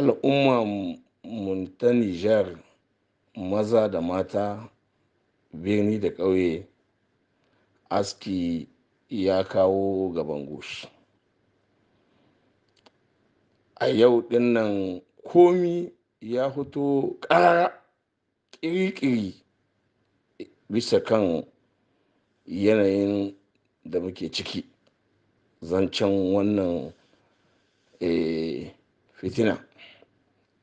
al'umma mun ta Nijar maza da mata birni da ƙauye aski ya kawo gaban goshi a yau dinnan komi ya fito ƙara ƙirƙiri bisa kan yanayin da muke ciki zancen wannan eh, fitina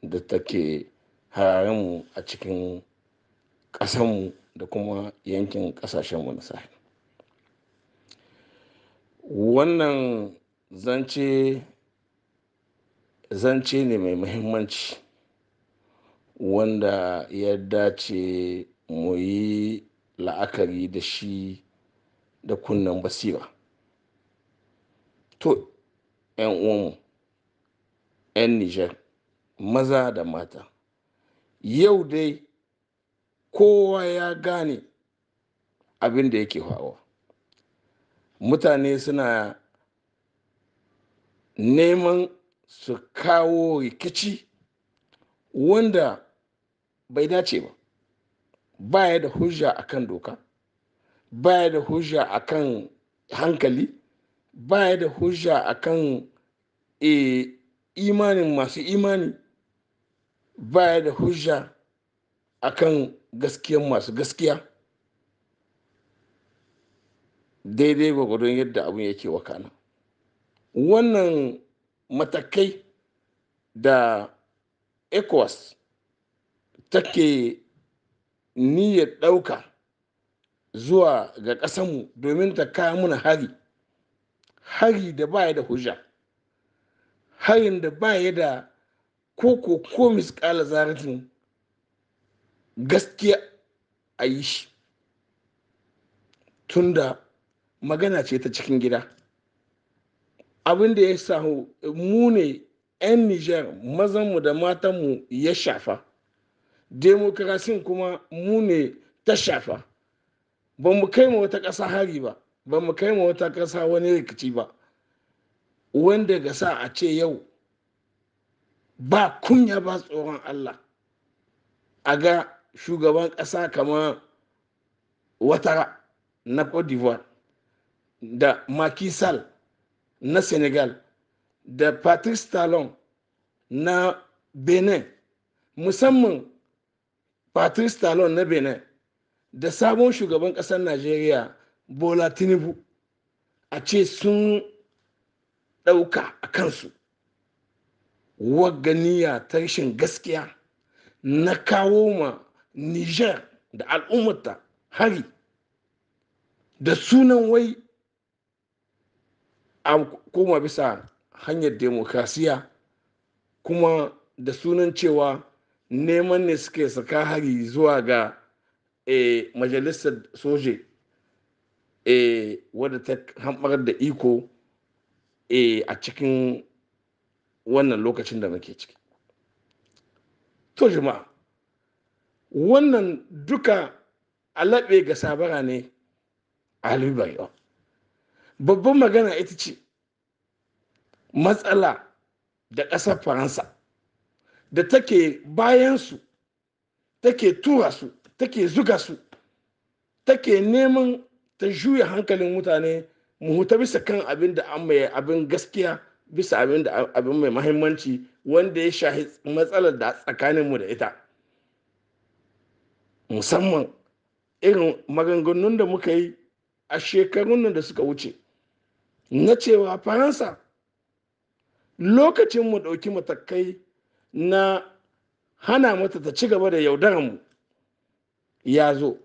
da take hararinmu a cikin ƙasanmu da kuma yankin ƙasashenmu na sahel wannan zance zance ne mai muhimmanci wanda ya dace mu yi la'akari da shi da kunnen basira to 'yan uwanmu 'yan nijar maza da mata yau dai kowa ya gane abin da yake hawa mutane suna neman su kawo rikici wanda bai dace ba baya da hujja akan doka baya da hujja akan hankali baya da hujja akan e, eh, imanin masu imani baya da hujja akan gaskiyan masu gaskiya daidai gudun yadda abin yake wakana wannan matakai da ecowas take niyyar ɗauka zuwa ga ƙasanmu domin ta kaya muna hari hari da baya da hujja harin da baya da ko ko ko misƙala zaratin gaskiya a yi shi tunda magana ce ta cikin gida abin da ya samu mu ne 'yan nijar mazanmu da matanmu ya shafa demokrasin kuma mu ne ta shafa ba mu kai ma wata ƙasa hari ba ba mu kai ma wata ƙasa wani rikici ba wanda ga sa a ce yau ba kunya ba tsoron Allah a ga shugaban ƙasa kamar watara na Cote d'Ivoire da Macky na Senegal da Patrice Talon na Benin musamman Patrice Talon na Benin da sabon shugaban ƙasar Najeriya Bola Tinubu a ce sun ɗauka a kansu waganiya ta rashin gaskiya na kawo ma niger da al'ummata hari da sunan wai a koma bisa hanyar demokrasiya kuma da sunan cewa neman ne suke saka hari zuwa ga e, majalisar soje e, wadda ta hamɓar da iko e, a cikin wannan lokacin da muke ciki to jama'a wannan duka alaɓe ga sabara ne a halibariya babban magana ita ce matsala da ƙasar faransa da take bayansu take tura su take zuga su take neman ta juya hankalin mutane mu huta bisa kan abin da an mai abin gaskiya bisa abin da abin mai mahimmanci wanda ya shahi matsalar da tsakaninmu da ita musamman irin maganganun da muka yi a shekarun da suka wuce na cewa faransa lokacin mu ɗauki matakai na hana mata ta ci gaba da yaudaranmu ya zo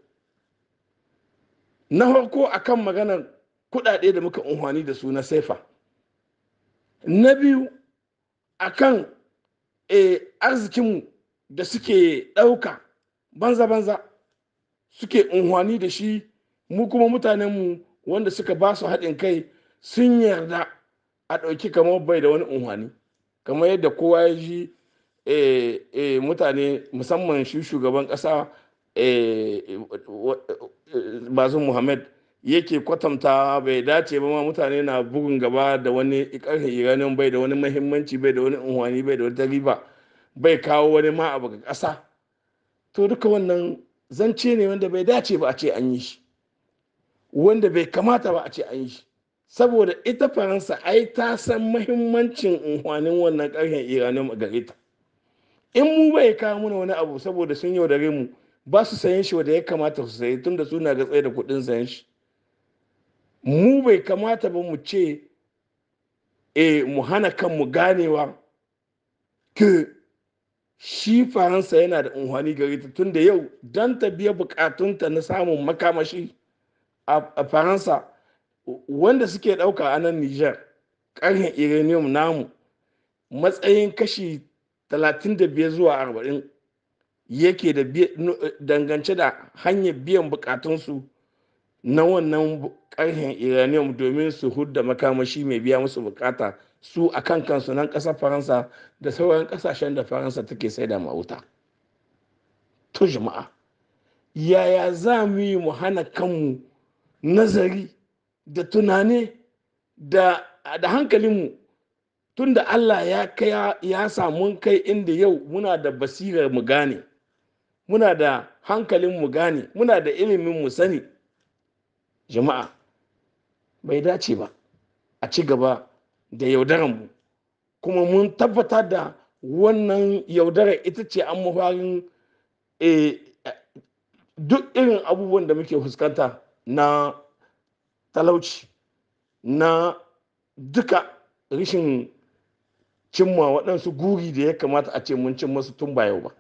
na farko akan maganar kuɗaɗe da muka unhwani da su na saifa na biyu kan e, eh, arzikinmu da suke ɗauka banza-banza suke unhwani da shi mu kuma mutanenmu wanda suka ba su haɗin kai sun yarda a ɗauki kamar bai da wani unhwani kamar yadda kowa ya ji eh, eh, mutane musamman shi shugaban ƙasa bazin muhammad yake kwatanta bai dace ba ma mutane na bugun gaba da wani ƙarfe iranin bai da wani mahimmanci bai da wani unhwani bai da wani riba bai kawo wani ma abu ga ƙasa to duka wannan zance ne wanda bai dace ba a ce an yi shi wanda bai kamata ba a ce an yi shi saboda ita faransa ai ta san mahimmancin unhwanin wannan karhe iranin a gare ta in mu bai kawo mana wani abu saboda sun yaudare mu ba su sayan shi wanda ya kamata su sayi tunda suna ga tsaye da kuɗin sayan shi mu bai kamata ba mu ce e mu hana kanmu ganewa ke shi faransa yana da unhwani gari ta tun da yau don ta biya bukatunta na samun makamashi a faransa wanda suke ɗauka a nan niger ƙarin uranium namu matsayin kashi 35 zuwa 40 yake da eh, dangance da hanyar biyan bukatunsu na wannan ƙarhin iranium domin su hudda makamashi mai biya musu bukata su a kan kansu nan ƙasar faransa da sauran ƙasashen da faransa take saida ma wuta to jama'a yaya za mu yi mu hana kanmu nazari da tunani da hankalinmu tun da allah ya kai ya samu kai inda yau muna da basirar mu gane muna da hankalin mu gane muna da ilimin mu sani jama'a bai dace ba a ci gaba da mu kuma mun tabbatar da wannan yaudarar ita ce an mafarin eh, duk irin abubuwan da muke fuskanta na talauci na duka rashin cimma waɗansu guri da ya kamata a ce mun cimma su tun ba yau ba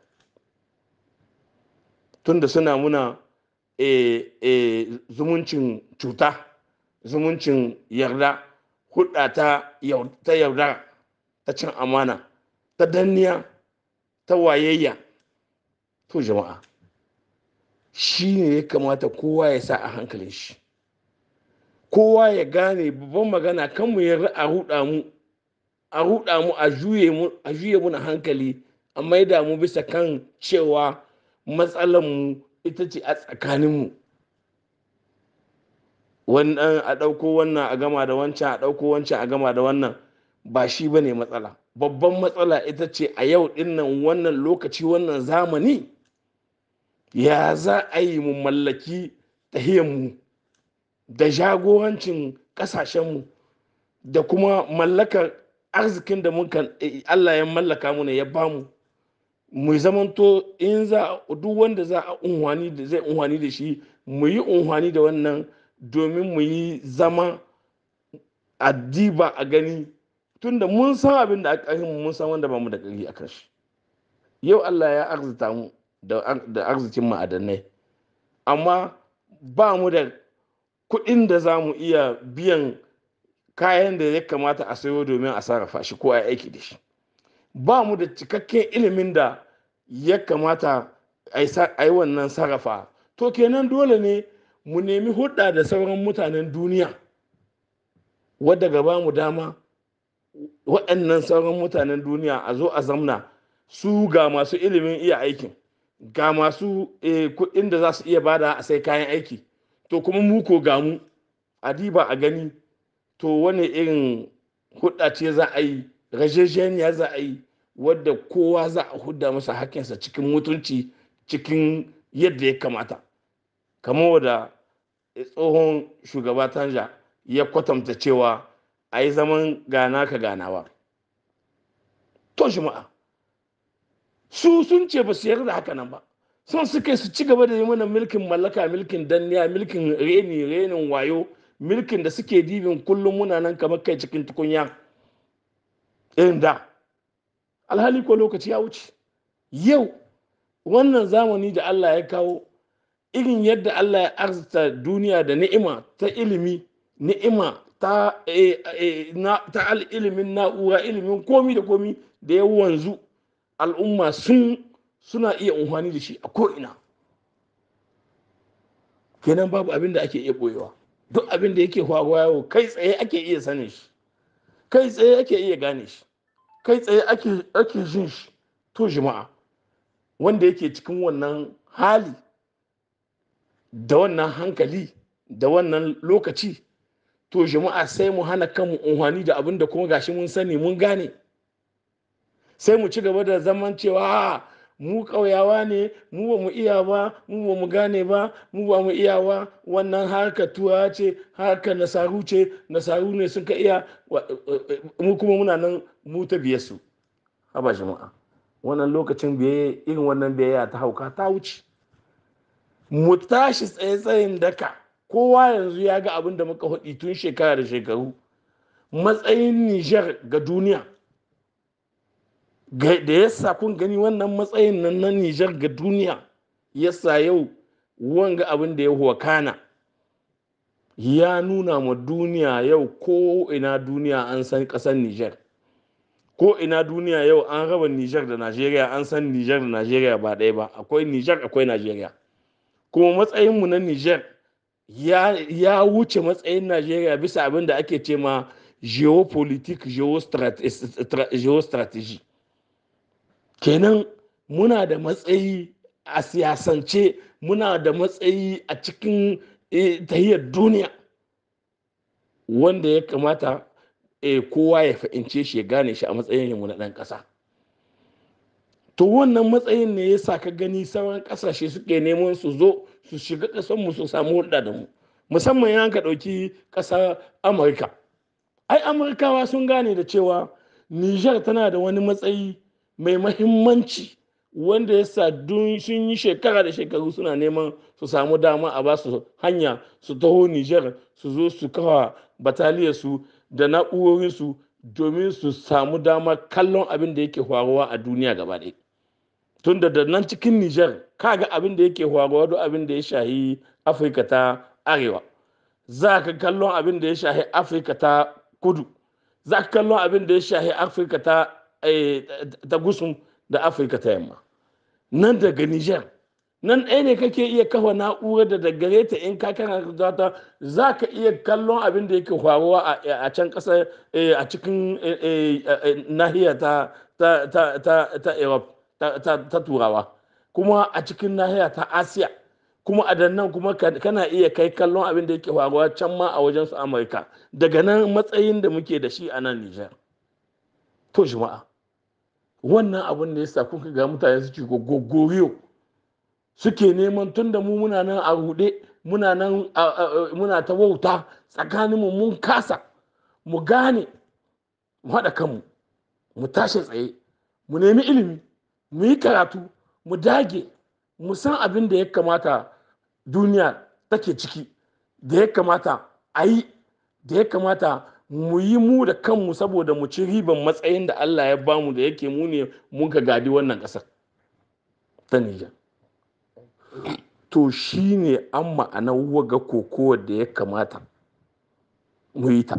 tun da suna muna eh, eh, zumuncin cuta zumuncin yarda hudda ta yarda ta cin amana ta danniya ta wayayya to jama'a shi ne ya kamata kowa ya sa a hankalin shi kowa ya gane babban magana kanmu mu yarda a mu a ruɗa mu a juye mu na hankali a maida mu bisa kan cewa matsalar mu ita ce a tsakaninmu. mu wannan a ɗauko wannan a gama da wancan a ɗauko wancan a gama da wannan ba shi ba ne matsala babban matsala ita ce a yau dinnan wannan lokaci wannan zamani ya za a yi mu mallaki mu da jagorancin ƙasashenmu da kuma mallakar arzikin da muka eh, Allah ya mallaka mu ne ya bamu mu zamanto in za duk wanda za a unhwani da zai unhwani da shi mu yi unhwani da wannan domin mu yi zama addiba a gani tunda mun san abin da aka yi mun san wanda ba mu da ƙarfi a shi yau Allah ya arzita mu da arzikin ma'adanai amma ba mu da kuɗin da za mu iya biyan kayan da ya kamata a sayo domin a sarrafa shi ko a aiki da shi ba mu da cikakken ilimin da ya kamata a yi wannan sarrafa to kenan dole ne mu nemi hudda da sauran mutanen duniya wadda gaba mu dama waɗannan sauran mutanen duniya a zo a zamna su ga masu ilimin iya aikin ga masu eh, kuɗin da za su iya bada a sai kayan aiki to kuma mu ko gamu a diba a gani to wani irin hudda ce za a yi za a yi wadda kowa za a hudda masa hakinsa cikin mutunci cikin yadda ya kamata kamar da eh, tsohon shugaba tanja ya kwatanta cewa a yi zaman gana ka ganawa to jima'a su sun ce ba su yarda haka nan ba son su kai su ci gaba da yi mana milkin mallaka milkin danniya milkin reni renin wayo milkin da suke dibin kullum muna nan kamar kai cikin tukunya irin da alhali ko lokaci ya wuce yau wannan zamani da allah ya kawo irin yadda Allah ya arzita duniya da ni'ima ta ilimi ni'ima eh, eh, ta al ilimin na'ura ilimin komi da komi da ya wanzu al'umma sun suna iya unhwani da shi a ko'ina kenan babu abin da ake iya boyewa duk abin da yake faruwa yawo kai tsaye ake iya sanin shi kai tsaye ake iya gane shi kai tsaye ake jin shi to jima'a wanda yake cikin wannan hali da wannan hankali da wannan lokaci to jama'a sai mu hana kanmu unhwani da abin da kuma gashi mun sani mun gane sai mu ci gaba da zaman cewa mu ƙauyawa ne mu ba mu iya ba mu ba mu gane ba mu ba mu iya ba wannan harka tuwa ce harka nasaru ce nasaru ne sun ka iya eh, eh, eh, mu kuma muna nan mu ta biye su haba jama'a wannan lokacin biye irin wannan biyayya ta hauka ta wuce mu tashi tsaye tsayin daka kowa yanzu ya ga abin da muka haɗi tun shekara da shekaru matsayin niger ga duniya da yasa kun gani wannan matsayin nan na niger ga duniya yasa yau wanga abin da ya kana ya nuna ma duniya yau ko ina duniya an san kasar niger ko ina duniya yau an raba niger da najeriya an san niger da najeriya ba ɗaya ba akwai niger akwai najeriya kuma matsayin mu na niger ya wuce matsayin najeriya bisa abin da ake ce ma geopolitik geostrategy kenan muna da matsayi a siyasance muna da matsayi a cikin eh, tahiyar duniya wanda ya kamata eh, kowa ya fahimce shi ya gane shi a matsayin mu na ɗan ƙasa to wannan matsayin ne ya sa ka gani sauran kasashe suke neman su zo su shiga ƙasarmu su samu hulɗa da mu musamman yan ka ɗauki ƙasar amurka ai amurkawa sun gane da cewa nijar tana da wani matsayi mai mahimmanci wanda ya sa sun yi shekara da shekaru suna neman su samu dama a ba su hanya su taho nijar su zo su kawa su da na'urorinsu domin su samu dama kallon abin da yake faruwa a duniya gaba ɗaya tunda da nan cikin Nijar kaga abin da yake faruwa duk abin da ya shahi Afirka ta Arewa za ka kallon abin da ya shahi Afirka ta Kudu za ka kallon abin da ya shahi Afirka ta eh, ta gusun da Afirka ta Yamma nan daga Nijar nan ɗaya ne kake iya kafa na'urar da daga ta in ka kana ta za ka iya kallon abin da yake faruwa a can ƙasa eh, a cikin eh, nahiya ta Europe ta turawa kuma a cikin nahiya ta asiya kuma a nan kuma kana iya kai kallon abin da yake faruwa can ma a wajen su amurka daga nan matsayin da muke da shi a nan nijar to jima'a wannan abin da ya sa kuka ga mutane suke gogoriyo suke neman tun da mu muna nan a rude muna ta wauta tsakaninmu mun kasa mu gane mu haɗa kanmu mu tashi tsaye mu nemi ilimi mu yi karatu mu dage mu san abin da ya kamata duniya take ciki da ya kamata a yi da ya kamata mu yi mu da kanmu saboda mu ci riban matsayin da Allah ya bamu da yake mu ne mun ka gadi wannan ƙasar ta Nijar. To shi ne an ma'anar waga kokowa da ya kamata mu yi ta.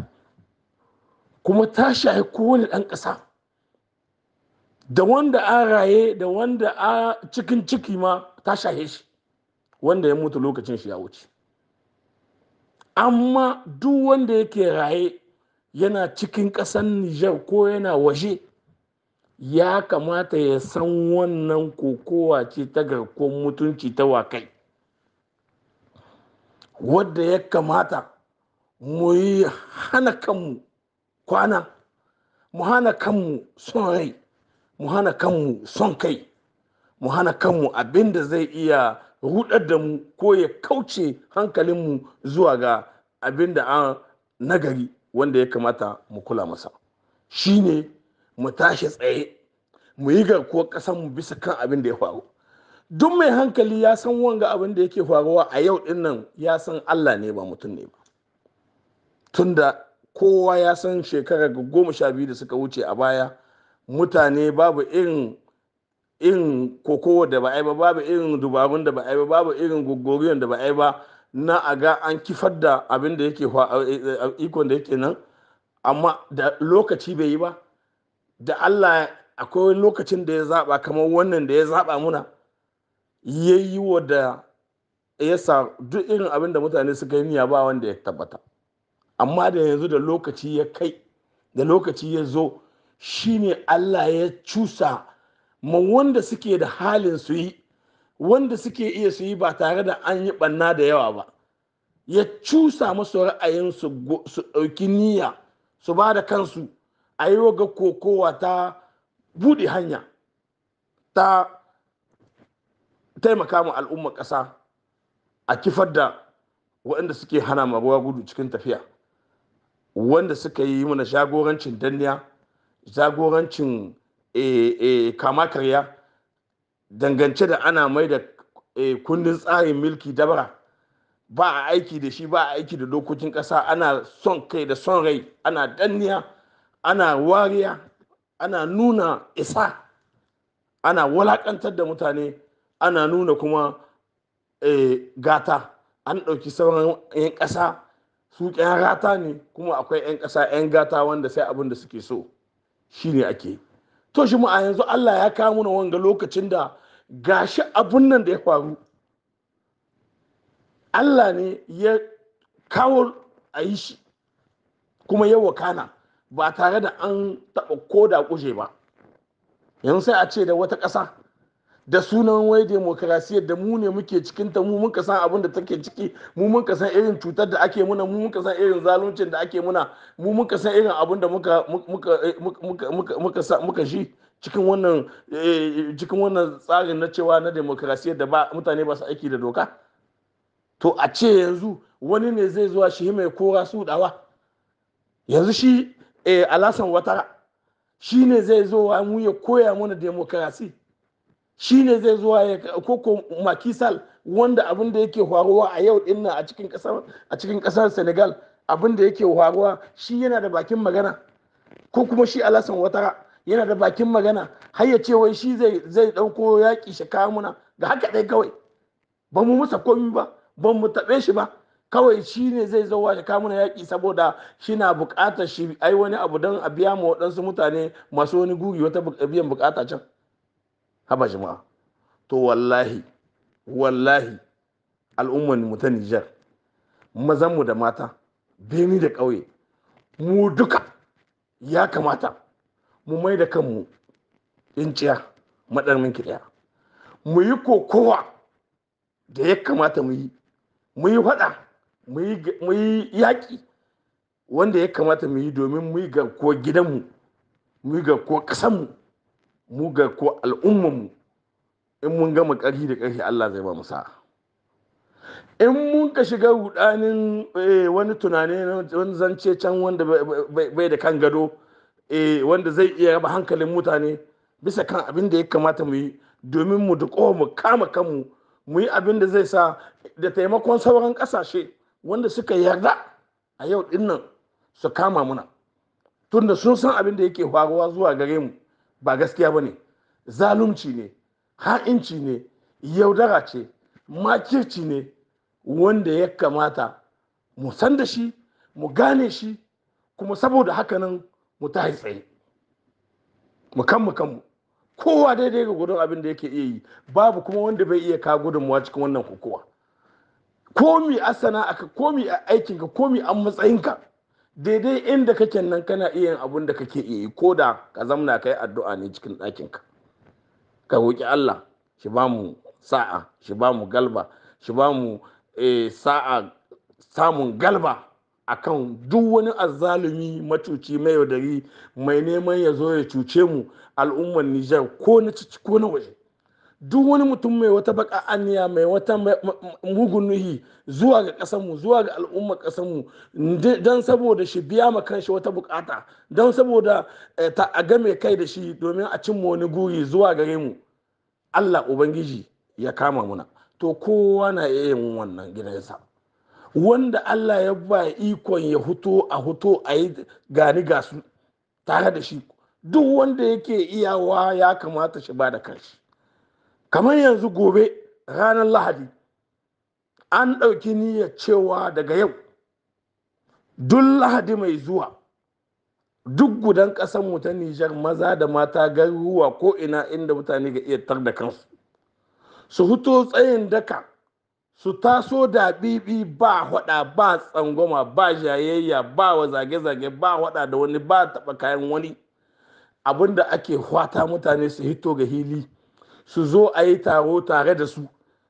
Kuma ta shahi kowane ɗan ƙasa. da wanda a raye da wanda a cikin ciki ma ta shahe shi wanda ya mutu lokacin shi ya wuce amma duk wanda yake raye yana cikin ƙasan Nijar ko yana waje ya kamata ya san wannan kokowa ce ta garkon mutunci ta wakai wadda ya kamata mu yi hana kanmu kwana mu hana kanmu son rai mu hana kanmu son kai mu hana kanmu abin da zai iya rudar da mu ko ya kauce hankalinmu zuwa ga abin da an nagari wanda ya kamata mu kula masa shine mu tashi tsaye mu yi garkuwar mu bisa kan abin da ya faru duk mai hankali ya san wanga abin da yake faruwa a yau din nan ya san allah ne ba mutum ne ba tunda kowa ya san shekarar goma sha biyu da suka wuce a baya mutane babu irin irin kokowa da ba a yi ba babu irin dubarun da ba a yi ba babu irin gogoriyon da ba a yi ba na a ga an kifar da abin da yake eh, eh, eh, ikon da yake nan amma da lokaci bai yi ba da Allah akwai lokacin da ya zaba kamar wannan da ya zaba muna ya yi wa da ya sa duk irin abin da mutane suka yi ba wanda ya tabbata amma da yanzu da lokaci ya kai da lokaci ya zo Shi ne Allah ya cusa ma wanda suke da halin su yi wanda suke iya su yi ba tare da an yi banna da yawa ba ya cusa masu ra'ayin su ɗauki niyya su ba da kansu a yi ga kokowa ta buɗe hanya ta taimaka ma al'ummar ƙasa a kifar da waɗanda suke hana ma ruwa gudu cikin tafiya wanda suka yi mana shagorancin danniya zagorancin eh, eh, kama karya dangance da ana mai da eh, kundin tsarin milki dabara ba a aiki da shi ba a aiki da dokokin ƙasa ana son kai da son rai ana danniya ana wariya ana nuna isa ana walakantar da mutane ana nuna kuma gata an ɗauki sauran 'yan ƙasa su 'yan rata ne kuma akwai 'yan ƙasa 'yan gata wanda sai abin da suke so shi ne ake to shi mu a yanzu Allah ya kawo mana wanga lokacin da gashi abun nan da ya faru Allah ne ya kawo a yi shi kuma ya wakana ba tare da an taɓa koda kuje ba yanzu sai a ce da wata ƙasa da sunan wai demokrasiyya da mu ne muke cikin ta mu muka san abin da take ciki mu muka san irin cutar da ake muna mu muka san irin zaluncin da ake muna mu muka san irin abin da muka eh, muka muka muka shi cikin wannan eh, cikin wannan tsarin na cewa na demokrasiyya da ba mutane ba su aiki da doka to a ce yanzu wani ne zai zuwa shi mai kora su dawa yanzu shi eh, alasan watara shi ne zai zo wa mu ya koya mana demokrasi shi ne zai zuwa ya koko makisal wanda abin da yake faruwa a yau din a a cikin kasar senegal abin da yake faruwa shi yana da bakin magana ko kuma shi alasan watara yana da bakin magana har ya ce wai shi zai zai dauko yaki shi ga muna ga haka dai kawai ba mu musa komi ba ba mu taɓe shi ba kawai shi ne zai zo washe kamun yaƙi saboda shi na buƙatar shi ai wani abu don a biya ma waɗansu mutane masu wani guri wata biyan buƙata can haba jama'a to wallahi wallahi al'umman mu ta Nijar mazan mu da mata beni da ƙauye mu duka ya kamata mu mai da kanmu inciya madarmin kirya mu yi kokowa da ya kamata mu yi mu yi faɗa mu yi yaƙi wanda ya kamata mu yi domin mu yi ga ko gidanmu mu yi ga ko ƙasanmu mu ga ko al'ummanmu in mun gama ƙarfi da ƙarfi Allah zai ba mu sa in mun ka shiga rudanin eh, wani tunani wani zance can wanda bai da kan gado eh, wanda zai iya raba hankalin mutane bisa kan abin da ya kamata mu yi domin mu da mu kama kanmu mu yi abin da zai sa da taimakon sauran kasashe wanda suka yarda a yau dinnan su kama muna tunda sun san abin da yake faruwa zuwa gare mu ba gaskiya ba ne zalunci ne ha'inci ne yaudara ce makirci ne wanda ya kamata mu san da shi mu gane shi kuma saboda haka nan mu ta tsaye mu kan mu kanmu kowa daidai ga gudun abin da yake iya yi babu kuma wanda bai iya ka gudunmuwa cikin wannan kokowa komi a sana'a komi a aikinka komi a matsayinka daidai inda kake nan kana iya yin abun da kake iya yi ko da ka zamna kai addu'a ne cikin ɗakinka ka roƙi Allah shi ba mu sa'a shi ba mu galba shi ba mu eh, sa'a samun galba akan duk wani azzalumi macuci mai yaudari mai neman ya zo ya cuce mu al'ummar Nijar ko na ciki ko na waje duk wani mutum mai wata baka aniya mai wata mugun nuhi zuwa ga kasanmu zuwa ga al'ummar kasanmu don saboda shi biya ma kanshi wata bukata don saboda eh, ta a game kai da shi domin a cimma wani guri zuwa gare mu Allah ubangiji ya kama muna to kowa na iya yin wannan gidansa wanda Allah ya ba ikon ya huto a huto a yi gani gasu tare da shi duk wanda yake iyawa ya kamata shi ba da kanshi kamar yanzu gobe ranar lahadi an ɗauki niyyar cewa daga yau duk lahadi mai zuwa duk gudan ƙasar ta nijar maza da mata garuruwa ko ina inda mutane ga iya tar da kansu su hito tsayin daka su taso da bibi ba hada ba tsangwama ba jayayya ba wa zage-zage ba hada da wani ba taɓa kayan wani abinda ake hwata mutane su hito ga hili su zo a yi taro tare da su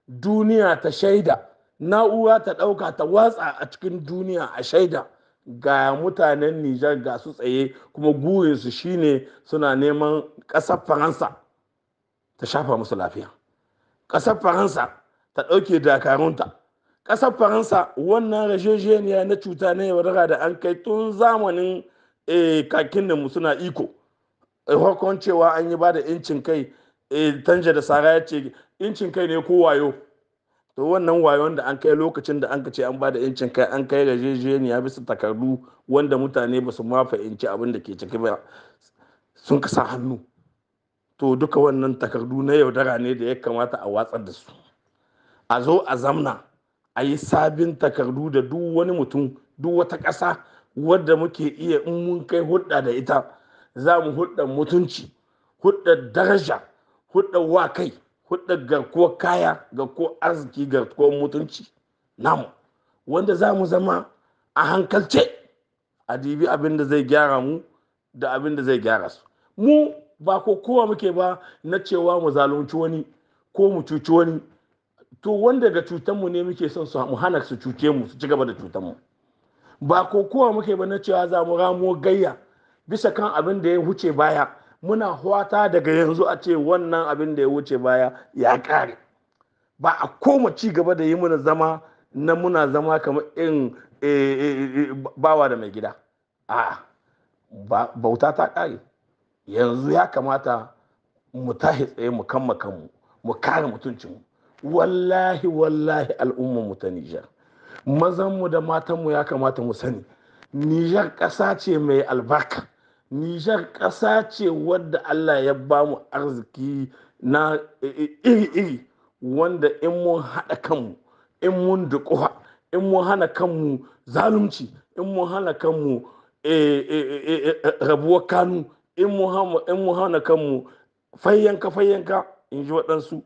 duniya ta shaida na'ura ta ɗauka ta watsa a cikin duniya a shaida ga mutanen nijar ga su tsaye kuma gurinsu shine suna neman ƙasar faransa ta shafa musu lafiya ƙasar faransa ta ɗauke dakarunta ƙasar faransa wannan rashejeniya na cuta na yaudara da an kai tun zamanin eh, kakin da mu suna iko hukun cewa an yi ba da 'yancin kai Eh, tanja da sara ya ce incin kai ne ko wayo to wannan wayon da an kai lokacin da an ce an ba da incin kai an kai ya bisa takardu wanda mutane ba su ma fahimci abin da ke ciki ba sun kasa hannu to duka wannan takardu na yaudara ne da ya kamata a watsar da su a zo a zamna a yi sabin takardu da duk wani mutum duk wata ƙasa wadda muke iya in mun kai hulɗa da ita za mu hudda mutunci hudda daraja hudda wa kai hudda garkuwar kaya garkuwar arziki garkuwar mutunci namu wanda za mu zama a hankalce a dibi abin da zai gyara mu da abin da zai gyara su mu ba ko kowa muke ba na cewa mu zalunci wani ko mu cuci wani to wanda ga cutanmu ne muke son su mu hana su cuce mu su ci gaba da cutanmu ba ko kowa muke ba na cewa za mu ramo gayya bisa kan abin da ya huce baya muna hwata daga yanzu a ce wannan abin da ya wuce baya ya kare ba a koma ci gaba da yi muna zama na muna zama kamar in eh, eh, eh, bawa da mai gida a bauta ta kare yanzu ya kamata mu tashi tsaye mu kama kanmu mu kare mutuncinmu wallahi wallahi al'ummarmu ta nijar mazanmu da matanmu ya kamata mu sani nijar ƙasa ce mai albarka nijar ƙasa ce wadda allah ya ba mu arziki na e, e, iri-iri wanda in mun haɗa kanmu in mun duƙuwa in mun hana kanmu zalunci in mun hana kanmu e, rabuwar kanu in mun hana kanmu fayyanka fayyanka in ji waɗansu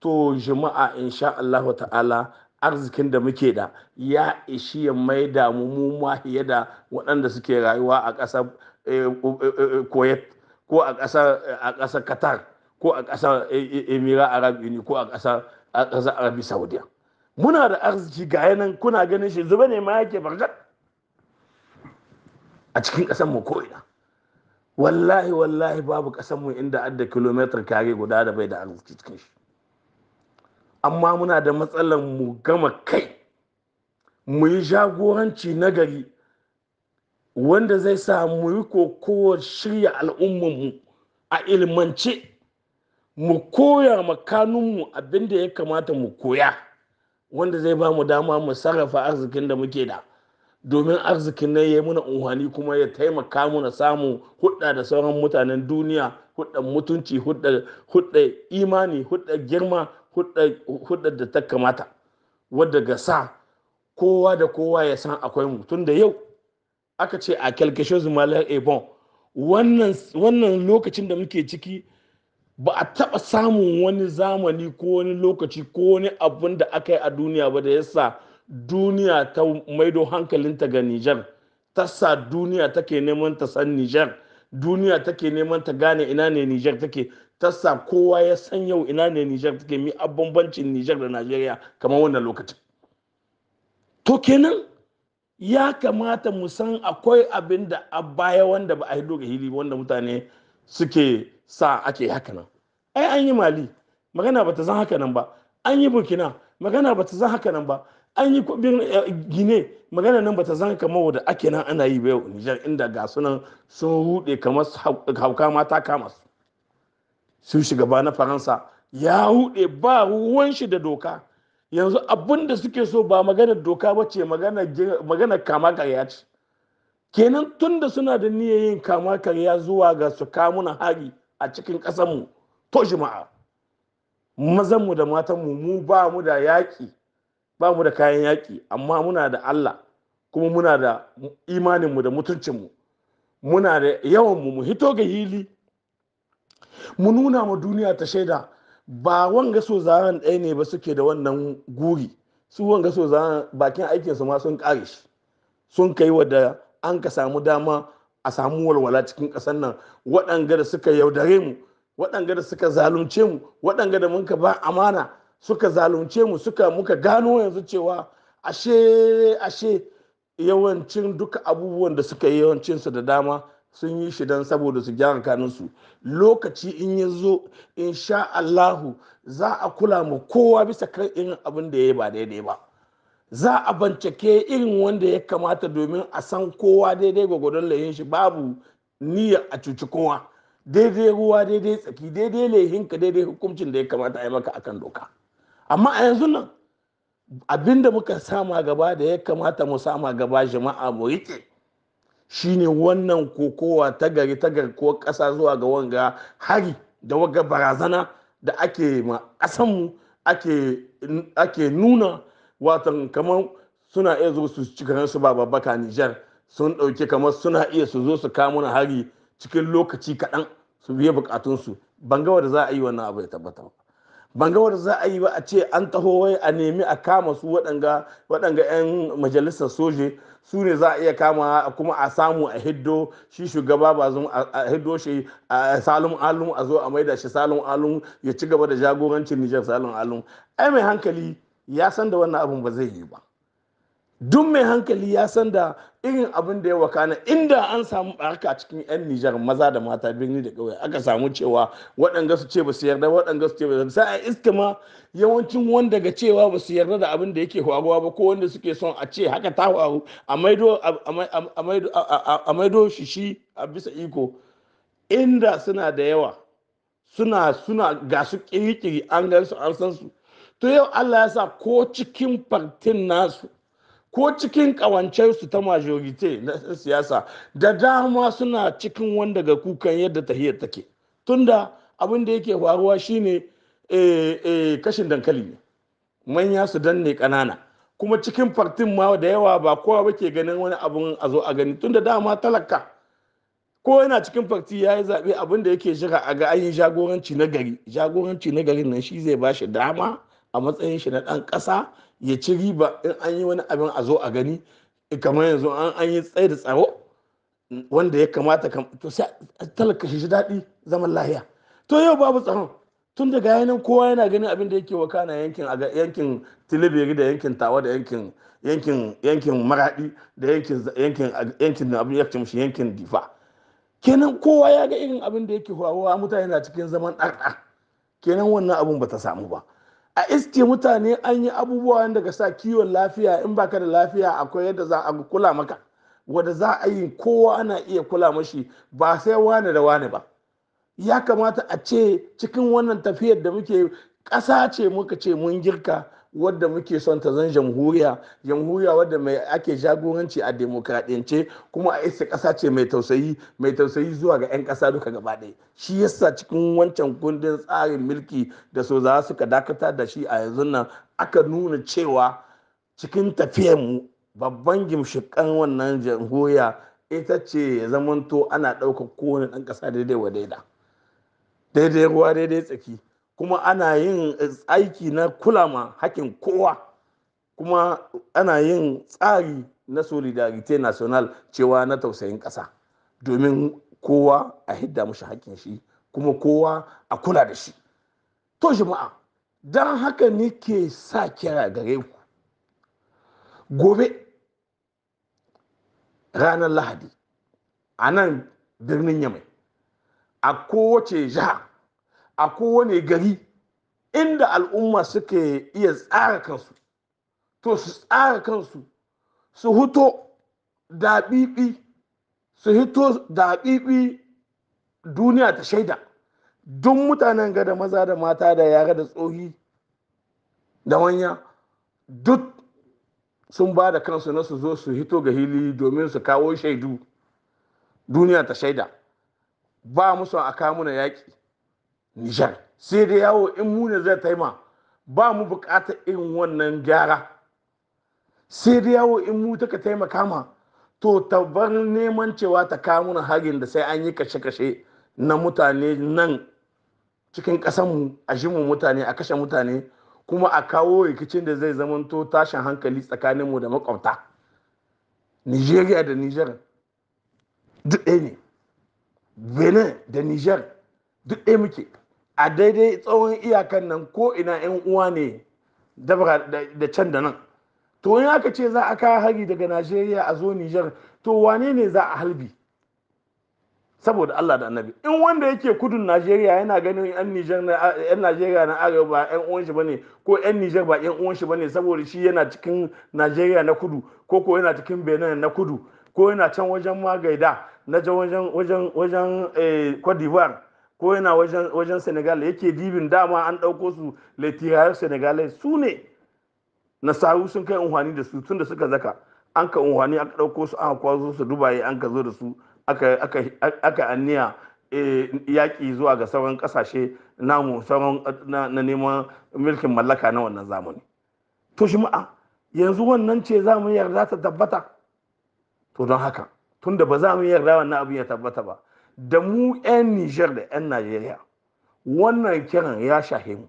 to jama'a insha Allah ta'ala arzikin da muke da ya ishi ya mai damu mu ma da waɗanda suke rayuwa a ƙasar Eh, eh, eh, Kuwait ko a ƙasar qatar ko a ƙasar emira arab uni ko a ƙasar arabi saudiya muna da arziki ga yanan kuna ganin shi zuba ne ma yake barkat a cikin ƙasar mu ko'ina wallahi wallahi babu ƙasar mu inda adda kilomitar kare guda da bai da arziki cikin shi amma muna da matsalar mu gama kai mu yi jagoranci gari wanda zai sa mu yi kokowar shirya al'ummanmu a ilmance mu koya makanunmu abin da ya kamata mu koya wanda zai ba mu dama mu sarrafa arzikin da muke da domin arzikin nan ya yi muna unhani kuma ya taimaka muna samu hudda da sauran mutanen duniya hudda mutunci hudda imani hudda girma hudda da ta kamata wadda ga sa kowa da kowa ya san akwai mu da yau aka ce a quelque chose malin bon wannan lokacin da muke ciki ba a taɓa samun wani zamani ko wani lokaci ko wani abun da aka yi a duniya ba da yasa duniya ta maido hankalinta ga Nijar ta sa duniya take neman ta san Nijar duniya take neman ta gane ina ne Nijar take ta sa kowa ya san yau ina ne Nijar take mi a bambancin Nijar da Najeriya kamar wannan lokacin to kenan ya kamata mu san akwai abin da a baya wanda ba a yi doga hili wanda mutane suke sa ake haka nan ai an yi mali magana ba ta zan haka nan ba an yi burkina magana ba ta zan haka nan ba an yi eh, gine magana nan ba ta zan kama da ake nan ana yi ba yau nijar inda ga sunan sun rude kamar hauka mata kama su shugaba na faransa ya rude ba ruwan shi da doka yanzu abin da suke so ba maganar doka ba ce magana kama karya ce kenan tun da suna da niyyar yin kama karya zuwa ga su kamuna hari a cikin kasanmu to jima'a mazanmu da matanmu mu ba mu da yaƙi ba mu da kayan yaƙi amma muna da allah kuma muna da imaninmu da mutuncinmu muna da yawanmu mu hito ga hili mu nuna ma duniya ta shaida ba wanga so zaren ɗaya ne ba suke da wannan guri su wanga so zaren bakin aikinsu ma sun ƙare shi sun kai wadda an ka samu dama a samu walwala cikin ƙasar nan waɗanga da suka yaudare mu waɗanga da suka zalunce mu waɗanga da muka ba amana suka zalunce mu suka muka gano yanzu cewa ashe ashe yawancin duka abubuwan da suka yi yawancinsu da dama sun yi shi don saboda su gyara kanunsu lokaci in ya zo in sha Allahu za a kula mu kowa bisa kan irin abin da ya yi ba daidai ba za a bincike irin wanda ya kamata domin a san kowa daidai gwagwadon layin shi babu niyya a cuci kowa daidai ruwa daidai tsaki daidai ka daidai hukuncin da ya kamata a yi maka akan doka amma a yanzu nan abin da muka sama gaba da ya kamata mu sama gaba jama'a mu riƙe shine wannan kokowa ta gari ta gari ko ƙasa zuwa ga wanga hari da waga barazana da ake ma ƙasanmu ake nuna watan kamar suna iya zo su ci su ba babbaka Nijar sun ɗauki kamar suna iya su zo su kawo hari cikin lokaci kaɗan su biya bukatunsu ban ga da za a yi wannan abu ya tabbata ba. ban ga wanda za a yi ba a ce an taho wai a nemi a kama su waɗanga 'yan majalisar soje su ne za a iya kama kuma a samu a hiddo shi shugaba ba zan a hiddo shi a salon alun a zo a maida shi salon alun ya ci gaba da jagorancin nijar salon alun ai mai hankali ya san da wannan abin ba zai yi ba duk mai hankali ya san da irin abin da ya wakana inda an samu baraka cikin 'yan nijar maza da mata birni da ƙauye aka samu cewa waɗanda su ce ba su yarda waɗanda su ce ba su sai a iska ma yawancin wanda ga cewa ba su yarda da abin da yake faruwa ba ko wanda suke son a ce haka ta faru a maido shi shi a bisa iko inda suna da yawa suna suna ga su kiri an gan su an san su to yau Allah ya sa ko cikin fartin nasu ko cikin ƙawancensu ta majorite na siyasa da dama suna cikin wanda ga kukan yadda tahiyar take tunda abin da yake faruwa shine eh, eh, kashin dankali ne manya su danne kanana kuma cikin fartin ma da yawa ba kowa ba ke ganin wani abin a zo a gani tunda dama talaka ko yana cikin farti ya yi zaɓe abin da yake jira a ga ayin jagoranci na gari jagoranci na garin nan shi zai ba shi dama a matsayin shi na ɗan ƙasa ya ci riba in an yi wani abin a zo a gani kamar yanzu an an yi tsaye da tsaro wanda ya kamata kam to sai talaka shi daɗi zaman lahiya to yau babu tsaron tun daga yanin kowa yana ganin abin da yake wakana yankin yankin tilibiri da yankin tawa da yankin yankin yankin maradi da yankin yankin yankin abin yake mushi yankin difa kenan kowa ya ga irin abin da yake hawa mutane na cikin zaman ɗarɗar kenan wannan abun ba ta samu ba a iske mutane an yi abubuwa daga sa kiwon lafiya in baka da lafiya akwai yadda za a kula maka wanda za a yi kowa ana iya kula mashi ba sai wane da wane ba ya kamata a ce cikin wannan tafiyar da muke ƙasa ce muka ce mun girka wadda muke son ta zan jamhuriya jamhuriya wadda mai ake jagoranci a demokradiyance kuma a isa kasa ce mai tausayi mai tausayi zuwa ga 'yan ƙasa duka gaba ɗaya shi yasa cikin wancan kundin tsarin mulki da so za su ka dakata da shi a yanzu nan aka nuna cewa cikin tafiyar mu babban gimshikan wannan jamhuriya ita ce ya zamanto ana ɗaukar kowane ɗan ƙasa daidai wa daidai daidai ruwa daidai tsaki kuma ana yin eh, aiki na kulama hakin kowa kuma ana yin tsari na solidarite national cewa na tausayin ƙasa domin kowa a hidda mushi hakin shi kuma kowa a kula da shi to jama'a don haka ke sa kira gare ku gobe ranar lahadi a nan birnin yamai a kowace jiha a kowane gari inda al'umma suke iya tsara kansu to su tsara kansu su hito daɓiɓi su hito daɓiɓi duniya ta shaida duk mutanen gada maza da mata da yara da tsohi da manya duk sun ba da kansu na su zo su hito ga hili domin su kawo shaidu duniya ta shaida ba musu a kamuna yaƙi Nijar sai da yawo in mu zai taima ba mu bukatar irin wannan gyara sai da yawo in mu taka taimaka ma to tabbar neman cewa ta kamun harin hagin da sai an yi kashe-kashe na mutane nan cikin ƙasanmu a mu mutane a kashe mutane kuma a kawo rikicin da zai zamanto tashin hankali tsakaninmu da makwabta nigeria da niger duk ɗaya ne benin da niger duk ɗaya muke a daidai tsawon iyakan nan ko ina yan uwa ne da can da nan to in aka ce za a kawo hari daga najeriya a zo nijar to wane ne za a halbi saboda allah da annabi in wanda yake kudun najeriya yana ganin yan najeriya na arewa ba yan uwan shi bane ko yan nijar ba yan uwan shi bane saboda shi yana cikin najeriya na kudu ko ko yana cikin benin na kudu ko yana can wajen magaida na wajen wajen wajen eh, cote d'ivoire ko yana wajen senegal yake dibin dama an ɗauko su laitiyar senegalai su ne nasaru sun kai unhani da su tun da suka zaka an ka unhani aka ɗauko su aka kwazo su dubaye an ka zo da su aka anniya eh, yaƙi zuwa ga sauran ƙasashe namu sauran na neman milkin mallaka na wannan zamani to shima'a yanzu wannan ce za mu yarda ta tabbata to don haka tun da ba za mu yarda wannan abin ya tabbata ba da mu 'yan Nijar da 'yan Najeriya wannan kiran ya shahe mu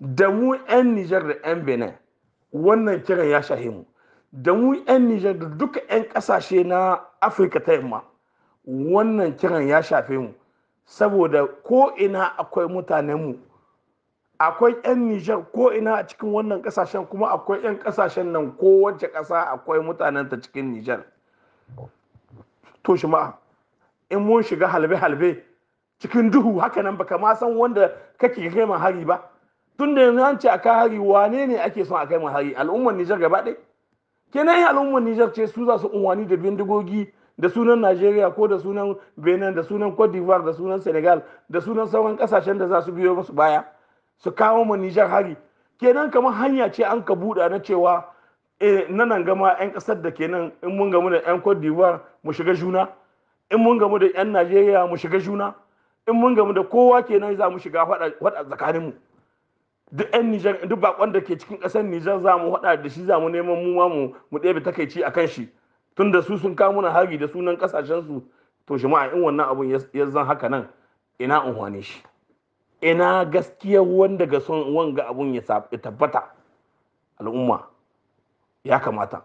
da mu 'yan Nijar da 'yan Benin wannan kiran ya shahe mu da mu 'yan Nijar da duka 'yan kasashe na Afirka ta yamma wannan kiran ya shafe mu saboda ko ina akwai mutanenmu akwai 'yan Nijar ko ina a cikin wannan kasashen kuma akwai 'yan kasashen nan ko kowace kasa akwai mutanen ta cikin Nijar to shi ma'a in mun shiga halbe-halbe cikin duhu haka nan baka ma san wanda kake kai ma hari ba tun da yanzu an ce a kai hari wane ne ake son a kai ma hari al'ummar Nijar gaba ɗaya kenan yin al'ummar Nijar ce su za su unwani da bindigogi da sunan Najeriya ko da sunan Benin da sunan Cote d'Ivoire da sunan Senegal da sunan sauran kasashen da za su biyo musu baya su kawo ma Nijar hari kenan kamar hanya ce an ka buɗa na cewa eh, na nan gama 'yan ƙasar da ke nan in mun gamu da 'yan Cote d'Ivoire mu shiga juna in mun gamu da 'yan najeriya mu shiga juna in mun gamu da kowa kenan za mu shiga faɗa tsakaninmu duk 'yan nijar duk bakon da ke cikin kasar nijar za mu hada da shi za mu neman mu mu ɗebe takaici a kan shi tun da su sun kawo na hari da sunan su to jama'a in wannan abun ya zan haka nan ina unhwane shi ina gaskiya wanda ga son wanga abun ya tabbata al'umma ya kamata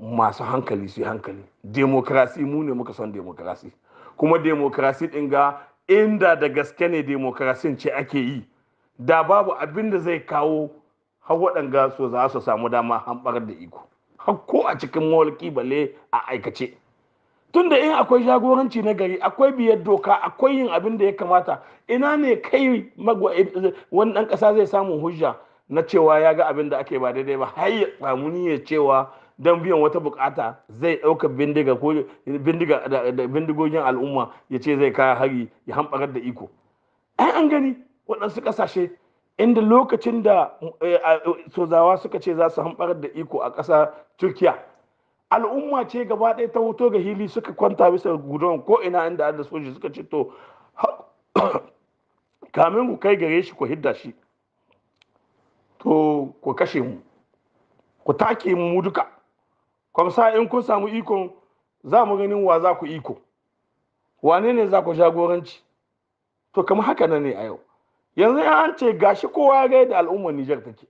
masu hankali su hankali demokrasi mu ne muka son demokrasi kuma demokrasi din ga inda da gaske ne demokrasin ce ake yi da babu abin da zai kawo har waɗanga so za su samu dama hamɓar da iko har ko a cikin mawalki bale a aikace tunda in akwai jagoranci na gari akwai biyar doka akwai yin abin da ya kamata ina ne kai wani ɗan ƙasa zai samu hujja na cewa ya ga abin da ake ba daidai ba har ya samu niyyar cewa don biyan wata bukata zai ɗauka bindiga da bindigogin al'umma ya ce zai kaya hari ya hamɓarar da iko ai an gani waɗansu ƙasashe inda lokacin da eh, eh, sozawa suka ce za su hamɓarar da iko a ƙasa turkiya al'umma ce gaba ɗaya ta hoto ga hili suka kwanta bisa gudun ko ina inda da soji suka ce to kamin ku kai gare shi ku hidda shi to ku kashe mu ku take mu duka kwamsa in kun samu iko za mu ganin wa za ku iko wane ne za ku jagoranci to kamar haka nan ne a yau yanzu ya an ce gashi kowa ya ga yadda al'ummar Nijar take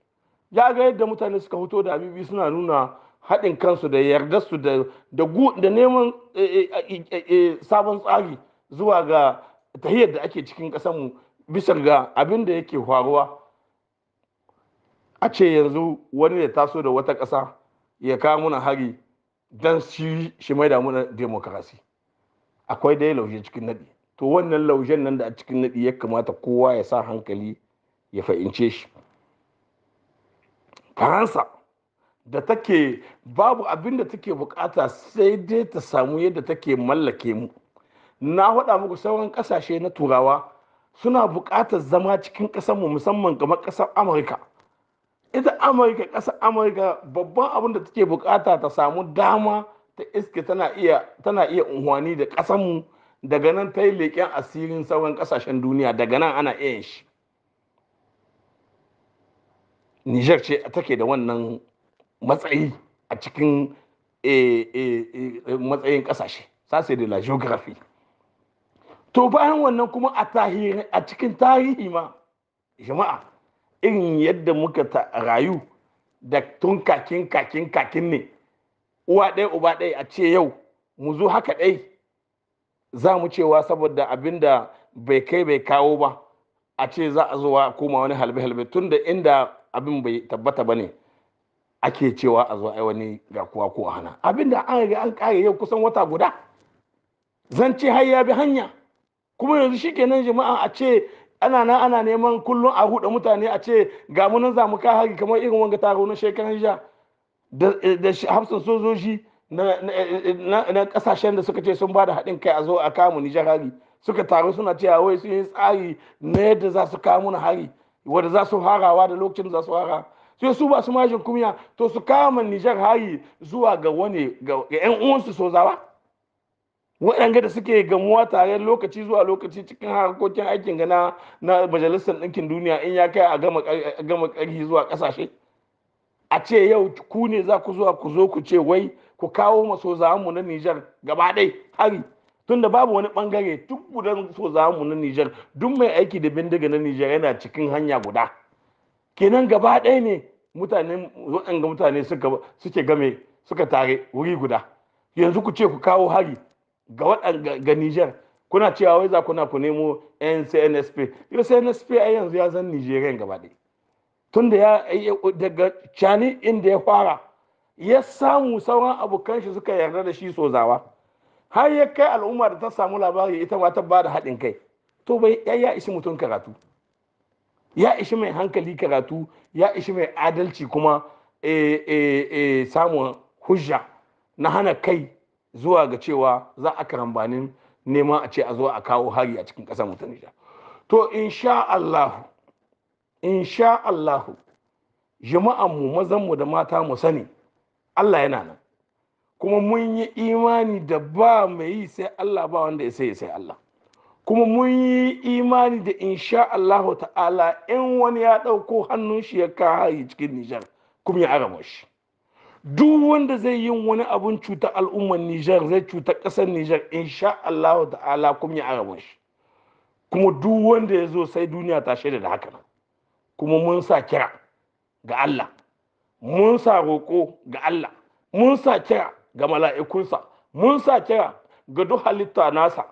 ya ga yadda mutane suka fito da abibi suna nuna haɗin kansu da yardar su da da neman eh, eh, eh, sabon tsari zuwa ga tahiyar da ake cikin mu bisa ga abin da yake faruwa a ce yanzu wani ya taso da wata ƙasa ya kawo muna hari don shi shi mai muna demokarasi akwai dai lauje cikin naɗi to wannan laujen nan da a cikin naɗi ya kamata kowa ya sa hankali ya fahimce shi faransa da take babu abin da take bukata sai dai ta samu yadda take mallake mu na faɗa muku sauran kasashe na turawa suna bukatar zama cikin ƙasarmu musamman kamar ƙasar amurka ita amurka ƙasa amurka babban abin da take bukata ta samu dama ta iske tana iya tana unhwani da ƙasanmu daga nan ta yi leƙen asirin sauran ƙasashen duniya daga nan ana iya yin shi niger ce take da wannan matsayi a cikin eh, eh, eh, matsayin ƙasashe sase de la geography to bayan wannan kuma a cikin tarihi ma jama'a irin yadda muka rayu da tun kakin kakin kakin ne uwa ɗaya uba ɗaya a ce yau mu zo haka ɗai za mu cewa saboda abin da bai kai bai kawo ba a ce za a zuwa koma wani halbe-halbe tun da inda abin bai tabbata ba ne ake cewa a zuwa wani ga kuwa ko a hana abin da an riga an kare yau kusan wata guda zance har ya bi hanya kuma yanzu shikenan jama'a a ce ana nan ana neman kullum a huɗa mutane a ce ga munan zamu ka hari kamar irin wanga taro na shekaran jiya da hamsin sojoji na kasashen da suka ce sun ba da haɗin kai a zo a kamu nijar hari suka taru suna cewa wai sun yi tsari na yadda za su kawo mana hari wanda za su harawa da lokacin za su hara sai su ba su majin kumya to su kama nijar hari zuwa ga wani ga 'yan uwansu sozawa waɗanda da suke gamuwa tare lokaci zuwa lokaci cikin harkokin aikin gana na majalisar ɗinkin duniya in ya kai a gama ƙarfi zuwa ƙasashe a ce yau ku ne za ku zuwa ku zo ku ce wai ku kawo maso zamu na Nijar gaba ɗai hari tun da babu wani ɓangare duk gudan so zamu na Nijar duk mai aiki da bindiga na Nijar yana cikin hanya guda kenan gaba ɗaya ne mutane suke game suka tare wuri guda yanzu ku ce ku kawo hari ga waɗanda ga Niger kuna cewa wai za kuna ku nemo yan CNSP yau CNSP a yanzu ya zan Nigerian gaba ɗaya tunda ya daga cani inda ya fara ya samu sauran abokan shi suka yarda da shi sozawa har ya kai al'umma da ta samu labari ita ma ta bada haɗin kai to bai ya ya ishi mutum karatu ya ishi mai hankali karatu ya ishi mai adalci kuma eh, eh, eh, samun hujja na hana kai zuwa ga cewa za a karambanin neman a ce a zo a kawo hari a cikin ƙasar ta nija To insha Allah, insha Allah, jama'anmu mazanmu da mata mu sani Allah yana nan. Kuma mun yi imani da ba mai yi sai Allah ba wanda ya sai sai Allah. Kuma mun yi imani da insha Allah ta'ala in wani ya ɗauko hannun shi ya kawo hari cikin Nijar kuma ya arama shi. duk wanda zai yi wani abun cuta al'ummar Nijar zai cuta ƙasar Nijar sha Allah ta'ala kuma ya arabun shi kuma duk wanda ya zo sai duniya ta shaida da haka kuma mun sa kira ga Allah mun sa roƙo ga Allah mun sa kira ga mala'ikunsa mun sa kira ga duk halitta nasa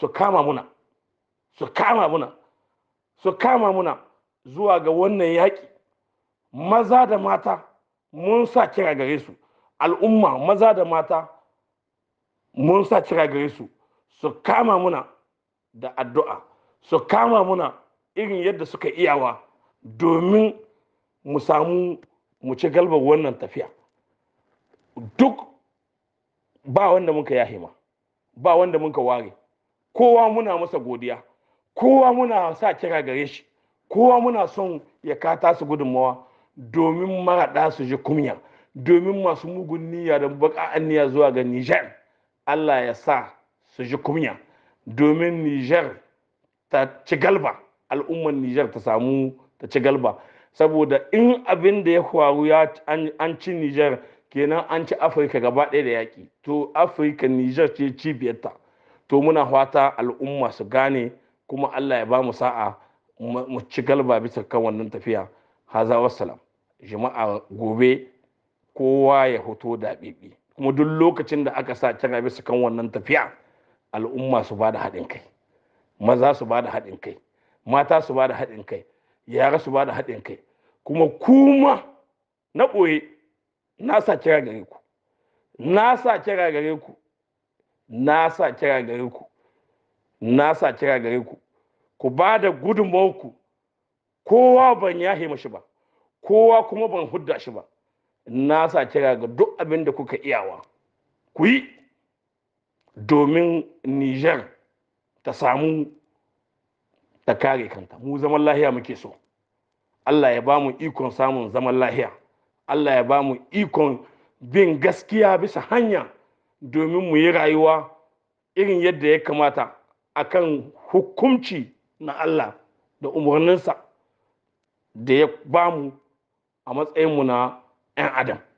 su kama muna su kama muna su kama muna zuwa ga wannan yaƙi maza da mata mun sa kira gare su al'umma maza da mata mun sa kira gare su su kama muna da addu'a su kama muna irin yadda suka iyawa domin mu samu mu ci galbar wannan tafiya duk ba wanda muka yahima ba wanda muka ware kowa muna masa godiya kowa muna sa kira gare shi kowa muna son ya kata su gudunmawa domin maraɗa su ji kunya domin masu mugun niyya da baka'an niyya zuwa ga niger allah ya sa su ji kunya domin niger ta ci galba al'ummar niger ta samu ta ci galba saboda in abin da ya faru ya an ci niger kenan an ci afirka gaba ɗaya da yaƙi to afirka niger ce cibiyarta to muna fata al'umma su gane kuma allah ya ba mu sa'a mu ci galba bisa kan wannan tafiya haza wassalam jama'a gobe kowa ya hoto da bibi kuma duk lokacin da aka sa kira bisa kan wannan tafiya al'umma su ba da haɗin kai maza su ba haɗin kai mata su ba haɗin kai yara su ba haɗin kai kuma kuma na ɓoye na sa kira gare ku na sa kira gare ku na sa kira gare ku na sa kira gare ku ku ba da gudunmawarku kowa ban yahe mashi ba kowa kuma ban hudda shi ba na sa kira ga duk abin da kuka iyawa ku yi domin niger ta samu ta kare kanta mu zaman lahiya muke so allah ya ba mu ikon samun zaman lahiya allah ya ba mu ikon bin gaskiya bisa hanya domin mu yi rayuwa irin yadda ya kamata a kan hukumci na allah da umarninsa da ya ba mu a matsayinmu na 'yan adam